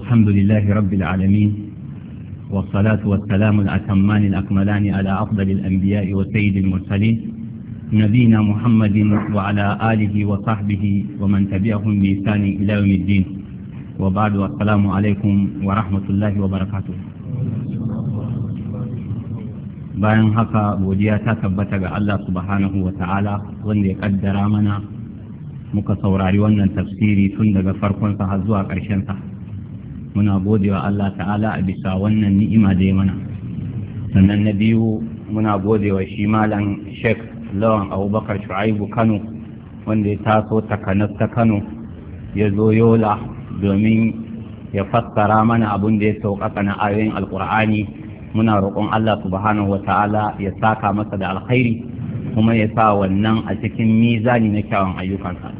الحمد لله رب العالمين والصلاة والسلام الأتمان الأكملان على أفضل الأنبياء وسيد المرسلين نبينا محمد وعلى آله وصحبه ومن تبعهم بإحسان إلى يوم الدين وبعد السلام عليكم ورحمة الله وبركاته bayan haka godiya ta tabbata ga Allah subhanahu wa ta'ala wanda ya kaddara mana muka saurari wannan tafsiri tun daga farkonsa har zuwa ƙarshensa muna godewa Allah ta'ala a bisa wannan ni'ima da ya mana sannan na biyu muna godewa shi malam sheikh lawan abubakar shu'aibu kano wanda ya taso takanas ta kano ya zo yola domin ya fassara mana abin da ya sauƙaƙa na ayoyin alƙur'ani muna roƙon Allah subhanahu wa ta'ala ya saka masa da alkhairi kuma ya sa wannan a cikin mizani na kyawun ayyukansa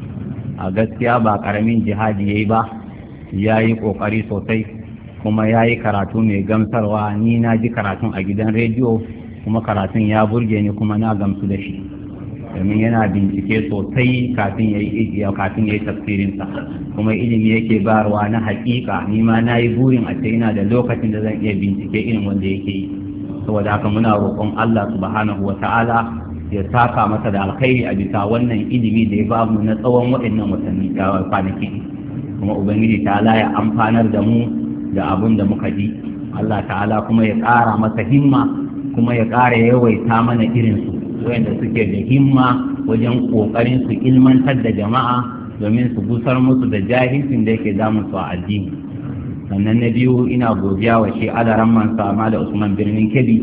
a gaskiya ba ƙaramin jihadi ya yi ba ya yi ƙoƙari sosai kuma ya yi karatu mai gamsarwa ni na ji karatun a gidan rediyo kuma karatun ya burge ni kuma na gamsu da shi domin yana bincike sosai kafin ya yi kafin ya yi tafsirinsa kuma ilimi yake bayarwa na haƙiƙa ni ma na yi burin a ce ina da lokacin da zan iya bincike irin wanda yake yi saboda haka muna roƙon Allah subhanahu wa ta'ala ya saka masa da alkhairi a bisa wannan ilimi da ya bamu na tsawon waɗannan watanni kwanaki kuma ubangiji ta'ala ya amfanar da mu da abun da muka ji Allah ta'ala kuma ya ƙara masa himma kuma ya ƙara yawaita mana irin su, wayanda suke da himma wajen ƙoƙarin su ilmantar da jama'a domin su gusar musu da jahilcin da yake damu su a addini sannan na biyu ina godiya wa shi adaran man sama da usman birnin Kebbi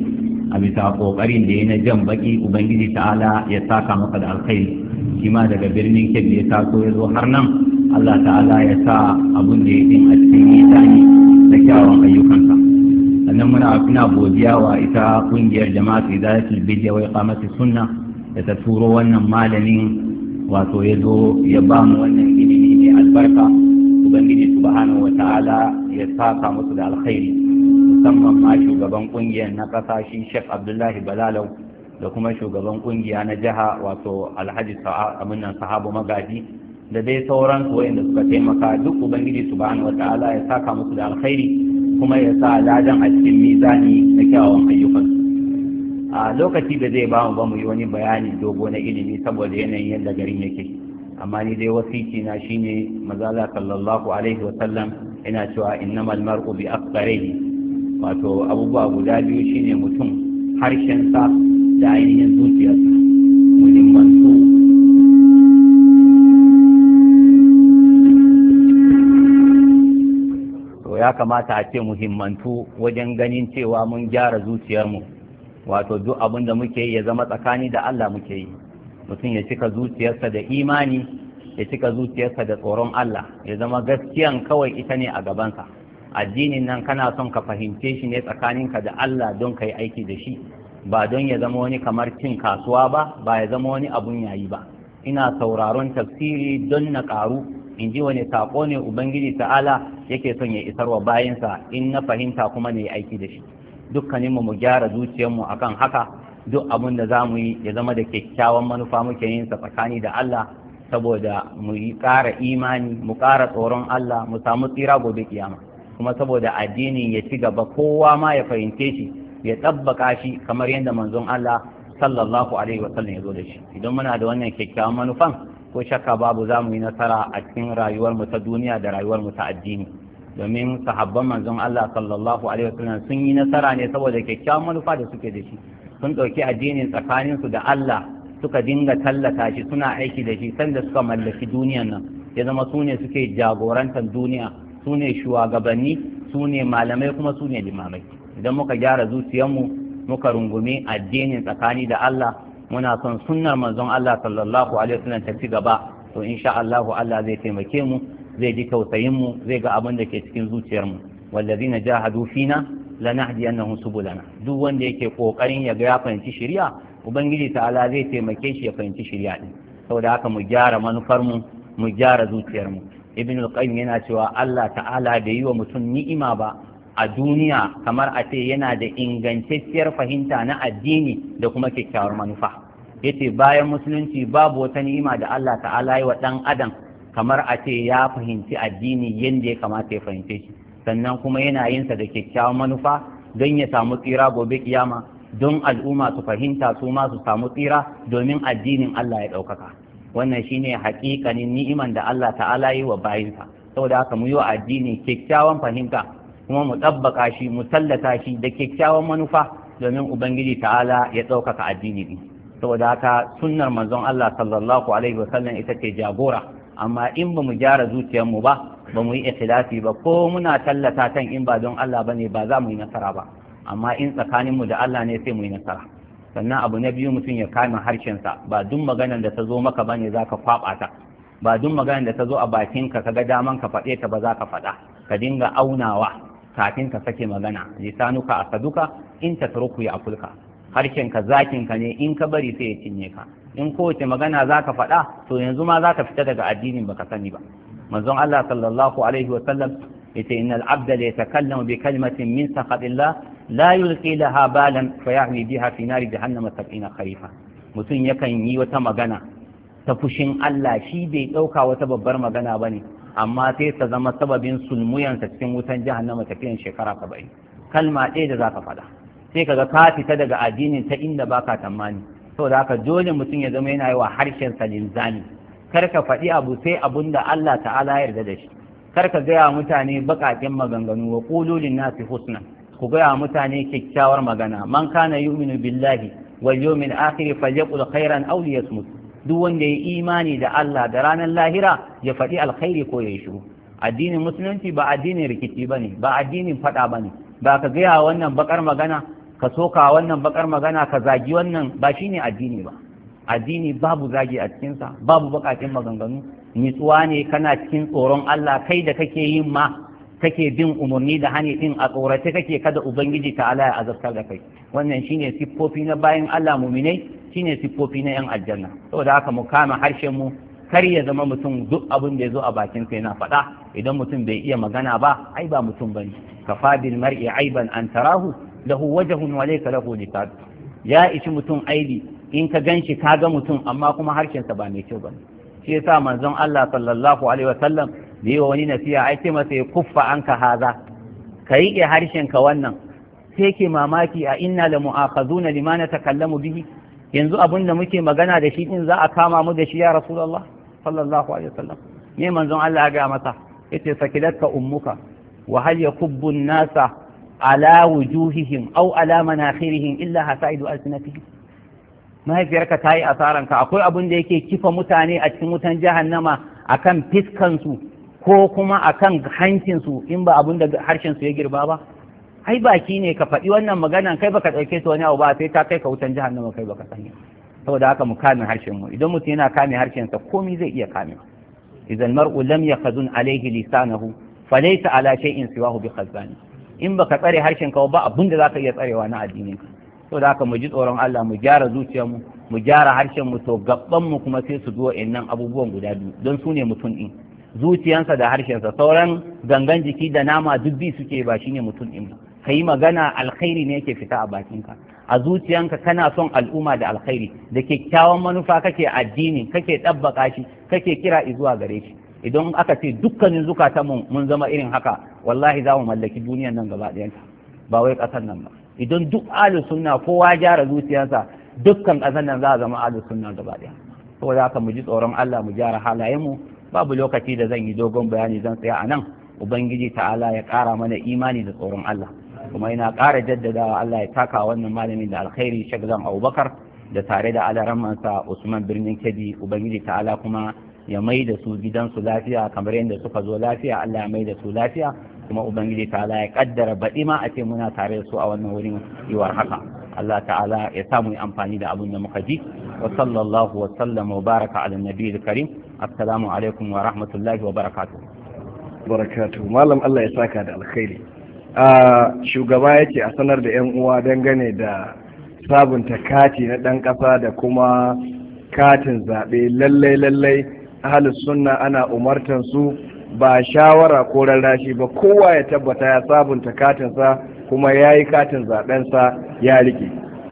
a bisa kokarin da ya na jan baki ubangiji ta'ala ya saka maka da alkhairi shi daga birnin Kebbi ya taso ya zo har nan Allah ta'ala ya sa abun da ya din a cikin mizani da kyawun ayyukansa sannan muna ina godiya wa ita kungiyar jama'at su bidya wai iqamati sunna da ta turo wannan malamin wato ya zo ya ba mu wannan ilimi mai albarka ubangiji subhanahu wa ta'ala ya saka musu da alkhairi musamman ma shugaban kungiyar na kasa shi Sheikh Abdullahi Balalau da kuma shugaban kungiya na jiha wato Alhaji Aminu Sahabu Magaji da dai sauran su wa'inda suka taimaka duk ubangiji su wa ta'ala ya saka musu da alkhairi kuma ya sa lajan a cikin mizani na kyawawan ayyukan a lokaci da zai bamu ba mu yi wani bayani dogo na ilimi saboda yanayin yadda garin yake amma ni dai wasiki na shine mazala sallallahu alaihi sallam ina cewa innamal mar'u bi aqsarihi wato abubuwa guda biyu shine mutum harshen sa da ainihin zuciyarsa ya kamata a ce muhimmantu wajen ganin cewa mun gyara zuciyarmu wato duk abin da muke yi ya zama tsakani da Allah muke yi mutum ya cika zuciyarsa da imani ya cika zuciyarsa da tsoron Allah ya zama gaskiyan kawai ita ne a gabansa addinin nan kana son ka fahimce shi ne tsakanin ka da Allah don ka aiki da shi ba don ya zama wani kamar cin kasuwa ba ba ya zama wani abun yayi ba ina sauraron tafsiri don na ƙaru in ji wani sako ne ubangiji ta'ala yake son ya isarwa bayansa in na fahimta kuma ne aiki da shi dukkaninmu mu gyara zuciyarmu akan haka duk abin da za mu yi ya zama da kyakkyawan manufa muke yin sa tsakani da Allah saboda mu yi ƙara imani mu ƙara tsoron Allah mu samu tsira gobe kiyama kuma saboda addinin ya ci gaba kowa ma ya fahimce shi ya tabbaka shi kamar yadda manzon Allah sallallahu alaihi wa sallam ya zo da shi idan muna da wannan kyakkyawan manufan ko shakka babu za mu yi nasara a cikin rayuwar mu ta duniya da rayuwar mu ta addini domin sahabban manzon Allah sallallahu alaihi wasallam sun yi nasara ne saboda kyakkyawan manufa da suke da shi sun ɗauki addinin tsakaninsu da Allah suka dinga tallata shi suna aiki da shi sanda suka mallaki duniyar nan ya zama su ne suke jagorantar duniya su ne shugabanni su ne malamai kuma su ne limamai idan muka gyara zuciyarmu muka rungume addinin tsakani da Allah muna son sunnar manzon Allah sallallahu alaihi wasallam ta ci gaba to insha Allah Allah zai taimake mu zai ji tausayin mu zai ga abin da ke cikin zuciyar mu wallazina jahadu fina lanahdiyannahum subulana duk wanda yake kokarin ya ga ya fahimci shari'a ubangiji ta'ala zai taimake shi ya fahimci shari'a din saboda haka mu gyara manufar mu mu gyara zuciyar mu ibn al-qayyim yana cewa Allah ta'ala da yi wa mutum ni'ima ba a duniya kamar a ce yana da ingantacciyar fahimta na addini da kuma kyakkyawar manufa yace bayan musulunci babu wata ni'ima da Allah ta'ala yi wa dan adam kamar a ce ya fahimci addini yadda ya kamata ya fahimce shi sannan kuma yana yin sa da kyakkyawan manufa don ya samu tsira gobe kiyama don al'umma su fahimta su ma su samu tsira domin addinin Allah ya ɗaukaka wannan shine haƙiƙanin ni'iman da Allah ta'ala yi wa bayinsa saboda haka mu yi wa addini kyakkyawan fahimta kuma mu ɗabbaka shi mu tallata shi da kyakkyawan manufa domin ubangiji ta'ala ya ɗaukaka addini din saboda haka sunnar manzon Allah sallallahu alaihi sallam ita ce jagora amma in ba mu gyara zuciyarmu ba ba mu yi ikhlasi ba ko muna tallata kan in ba don Allah bane ba za mu yi nasara ba amma in tsakaninmu da Allah ne sai mu yi nasara sannan abu na biyu mutum ya kame harshensa ba duk maganar da ta zo maka bane za ka kwaɓa ta ba duk maganar da ta zo a bakinka ka ga daman ka faɗe ta ba za ka faɗa ka dinga aunawa kafin ka sake magana lisanuka asaduka in tatruku ya afulka harshen ka zakin ka ne in ka bari sai ya cinye ka in kowace magana za ka faɗa to yanzu ma za ka fita daga addinin baka sani ba manzon Allah sallallahu alaihi wa sallam yace innal abda la yatakallamu bi kalimatin min saqatillah la yulqi laha balan fayahmi biha fi nari jahannama sab'ina kharifa mutum yakan yi wata magana ta fushin Allah shi bai ɗauka wata babbar magana ba ne amma sai ta zama sababin sulmuyansa cikin wutan jahannama tafiyan shekara 70 kalma ɗaya da za ka faɗa sai kaga ka fita daga addinin ta inda baka tsammani da haka dole mutum ya zama yana yi wa harshen sa linzami kar ka faɗi abu sai abun da Allah ta'ala ya yarda da shi kar ka gaya mutane baƙaƙen maganganu wa qulu nasi husna ku gaya mutane kyakkyawar magana man kana yu'minu billahi wal yawmil akhir falyaqul khairan aw liyasmut duk wanda ya imani da Allah da ranar lahira ya faɗi alkhairi ko ya shiru addinin musulunci ba addinin rikici bane ba addinin faɗa bane ba ka gaya wannan bakar magana ka soka wannan bakar magana ka zagi wannan ba shi ne addini ba addini babu zagi a cikinsa babu bakakin maganganu nitsuwa ne kana cikin tsoron Allah kai da kake yin ma kake bin umarni da hani din a tsorace kake kada ubangiji ta ala ya azabtar da kai wannan shine siffofi na bayan Allah muminai shine siffofi na yan aljanna saboda haka mu kama harshen mu kar ya zama mutum duk abin da ya zo a bakin sa na faɗa idan mutum bai iya magana ba ai ba mutum bane kafa bil mar'i aiban an tarahu lahu wajhun wa laysa lahu lisan ya ishi mutum aibi in ka ganshi ka ga mutum amma kuma harshen sa ba mai kyau bane shi yasa manzon Allah sallallahu alaihi wa sallam wa wani nasiha? ai masa ya kuffa anka haza ka riƙe harshen ka wannan sai ke mamaki a inna la mu'akhazuna lima natakallamu bihi yanzu abin muke magana da shi in za a kama mu da shi ya rasulullah sallallahu alaihi wasallam me manzon Allah ya ga masa yace sakilatka ummuka wa hal yakubbu nasa ala wujuhihim aw ala manakhirihim illa hasaidu alsinatihim mahaifiyarka ta yi asaranka akwai abin da yake kifa mutane a cikin wutan jahannama akan fiskansu ko kuma akan hancinsu in ba abin da harshensu ya girba ba ai baki ne ka faɗi wannan magana kai baka ɗauke su wani abu ba sai ta kai ka wutan jahannama kai baka sani saboda haka mu kame harshen mu idan mutum yana kame harshen sa komai zai iya kame idan mar'u lam yakhzun alayhi lisanahu falaysa ala shay'in siwahu bi khazani in baka tsare harshen ka ba abin da zaka iya tsarewa na addinin ka to da haka mu ji tsoron Allah mu gyara zuciyar mu mu gyara harshen mu to gabban mu kuma sai su zo nan abubuwan guda biyu don su ne mutum din zuciyansa da sa sauran gangan jiki da nama duk bi suke ba shine mutum din ba kai magana alkhairi ne yake fita a bakin ka. a zuciyanka kana son al'umma da alkhairi da kyakkyawan manufa kake addini kake ɗabbaka shi kake kira izuwa gare shi idan aka ce dukkanin zukata mun zama irin haka wallahi za mu mallaki duniyan nan gaba ɗayanta ba wai ƙasar nan ba idan duk alu sunna kowa gyara zuciyarsa dukkan ƙasar nan za a zama alu suna gaba ɗaya saboda haka mu ji tsoron Allah mu gyara mu babu lokaci da zan yi dogon bayani zan tsaya a nan ubangiji ta'ala ya ƙara mana imani da tsoron Allah kuma na ƙara jaddadawa Allah ya taka wannan malamin da alkhairi Sheikh Abubakar da tare da alaramansa Usman Birnin Kebbi ubangiji ta'ala kuma ya mai da su gidansu lafiya kamar yadda suka zo lafiya Allah ya mai da su lafiya kuma ubangiji ta'ala ya kaddara baɗi ma a ce muna tare da su a wannan wurin yiwar haka Allah ta'ala ya samu yi amfani da abin da muka ji wa sallallahu wa sallam wa baraka ala nabi karim assalamu alaikum wa rahmatullahi wa Barakatu. barakatu malam Allah ya saka da alkhairi shugaba yake a sanar da yan uwa dangane da sabunta kati na dan kasa da kuma katin zaɓe lallai lallai ahalin sunna ana umartan su ba shawara ko rarrashi ba kowa ya tabbata ya sabunta katinsa kuma ya yi katin zaɓensa ya rike